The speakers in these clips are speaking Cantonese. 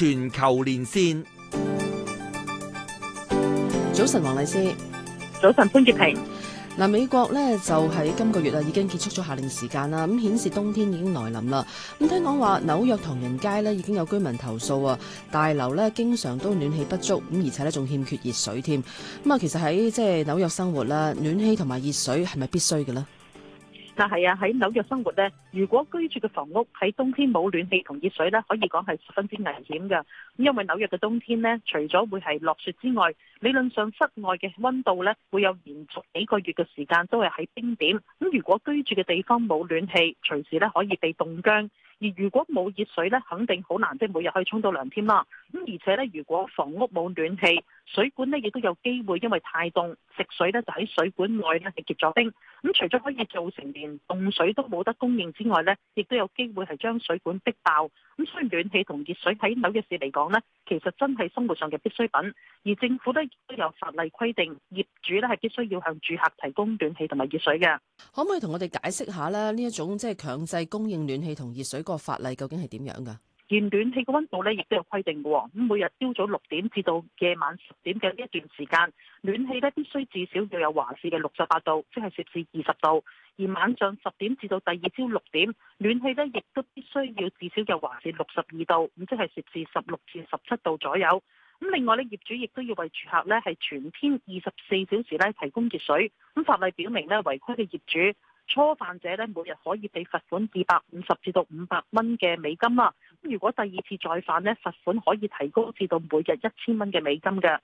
全球連線，早晨黃麗施，麗早晨潘潔平。嗱，美國咧就喺今個月啊，已經結束咗夏令時間啦，咁顯示冬天已經來臨啦。咁聽講話紐約唐人街咧已經有居民投訴啊，大樓咧經常都暖氣不足，咁而且咧仲欠缺熱水添。咁啊，其實喺即係紐約生活啦，暖氣同埋熱水係咪必須嘅呢？但係啊，喺紐約生活咧，如果居住嘅房屋喺冬天冇暖氣同熱水咧，可以講係十分之危險嘅。因為紐約嘅冬天咧，除咗會係落雪之外，理論上室外嘅温度咧會有連續幾個月嘅時間都係喺冰點。咁如果居住嘅地方冇暖氣，隨時咧可以被凍僵；而如果冇熱水咧，肯定好難，即每日可以沖到涼添啦。咁而且咧，如果房屋冇暖氣，水管咧亦都有機會因為太凍，食水咧就喺水管內咧係結咗冰。咁除咗可以造成連凍水都冇得供應之外咧，亦都有機會係將水管逼爆。咁所以暖氣同熱水喺紐約市嚟講咧，其實真係生活上嘅必需品。而政府咧亦都有法例規定，業主咧係必須要向住客提供暖氣同埋熱水嘅。可唔可以同我哋解釋下咧，呢一種即係強制供應暖氣同熱水個法例究竟係點樣噶？而暖氣嘅溫度咧，亦都有規定嘅喎。咁每日朝早六點至到夜晚十點嘅呢一段時間，暖氣咧必須至少要有華氏嘅六十八度，即係攝氏二十度。而晚上十點至到第二朝六點，暖氣咧亦都必須要至少要有華氏六十二度，咁即係攝氏十六至十七度左右。咁另外咧，業主亦都要為住客咧係全天二十四小時咧提供熱水。咁法例表明咧，違規嘅業主初犯者咧，每日可以俾罰款二百五十至到五百蚊嘅美金啦。如果第二次再犯呢，罰款可以提高至到每日一千蚊嘅美金嘅。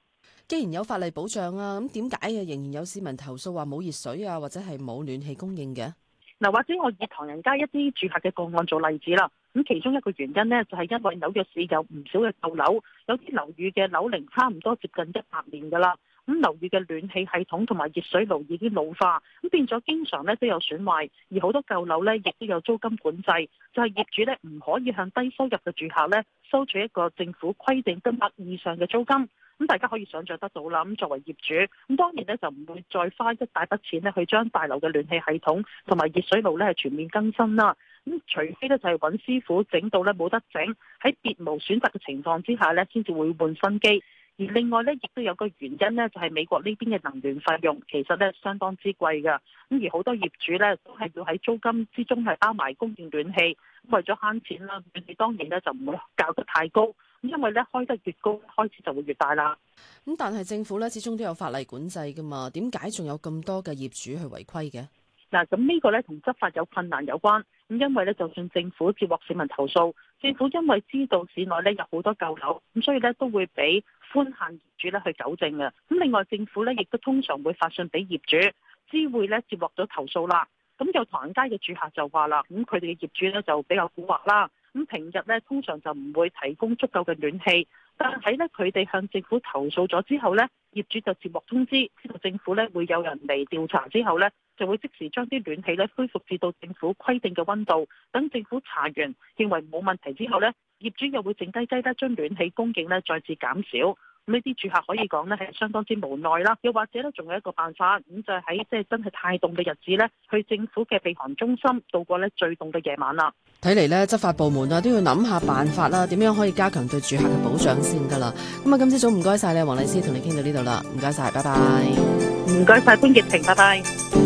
既然有法例保障啊，咁點解啊仍然有市民投訴話冇熱水啊，或者係冇暖氣供應嘅？嗱，或者我以唐人街一啲住客嘅個案做例子啦。咁其中一個原因呢，就係因為紐約市有唔少嘅舊樓，有啲樓宇嘅樓齡差唔多接近一百年噶啦。咁樓宇嘅暖氣系統同埋熱水爐已經老化，咁變咗經常咧都有損壞，而好多舊樓咧亦都有租金管制，就係業主咧唔可以向低收入嘅住客咧收取一個政府規定金額以上嘅租金。咁大家可以想像得到啦。咁作為業主，咁當然咧就唔會再花一大筆錢咧去將大樓嘅暖氣系統同埋熱水爐咧全面更新啦。咁除非咧就係揾師傅整到咧冇得整，喺別無選擇嘅情況之下咧，先至會換新機。而另外咧，亦都有個原因咧，就係美國呢邊嘅能源費用其實咧相當之貴噶。咁而好多業主咧都係要喺租金之中係包埋供應暖氣咁，為咗慳錢啦，你當然咧就唔會較得太高，因為咧開得越高，開始就會越大啦。咁但係政府咧始終都有法例管制噶嘛，點解仲有咁多嘅業主去違規嘅嗱？咁呢個咧同執法有困難有關咁，因為咧就算政府接獲市民投訴，政府因為知道市內咧有好多舊樓咁，所以咧都會俾。寬限業主咧去糾正嘅。咁另外政府咧亦都通常會發信俾業主知會咧接獲咗投訴啦。咁有唐人街嘅住客就話啦，咁佢哋嘅業主咧就比較古惑啦。咁平日咧通常就唔會提供足夠嘅暖氣，但係咧佢哋向政府投訴咗之後咧，業主就接獲通知，知道政府咧會有人嚟調查之後咧，就會即時將啲暖氣咧恢復至到政府規定嘅溫度。等政府查完認為冇問題之後咧。業主又會靜雞雞得將暖氣供應咧再次減少，呢啲住客可以講咧係相當之無奈啦。又或者咧仲有一個辦法，咁就喺即係真係太凍嘅日子咧，去政府嘅避寒中心度過咧最凍嘅夜晚啦。睇嚟咧執法部門啊都要諗下辦法啦，點樣可以加強對住客嘅保障先得啦。咁啊今朝早唔該晒咧，黃麗施同你傾到呢度啦，唔該晒，拜拜。唔該晒，潘潔平，拜拜。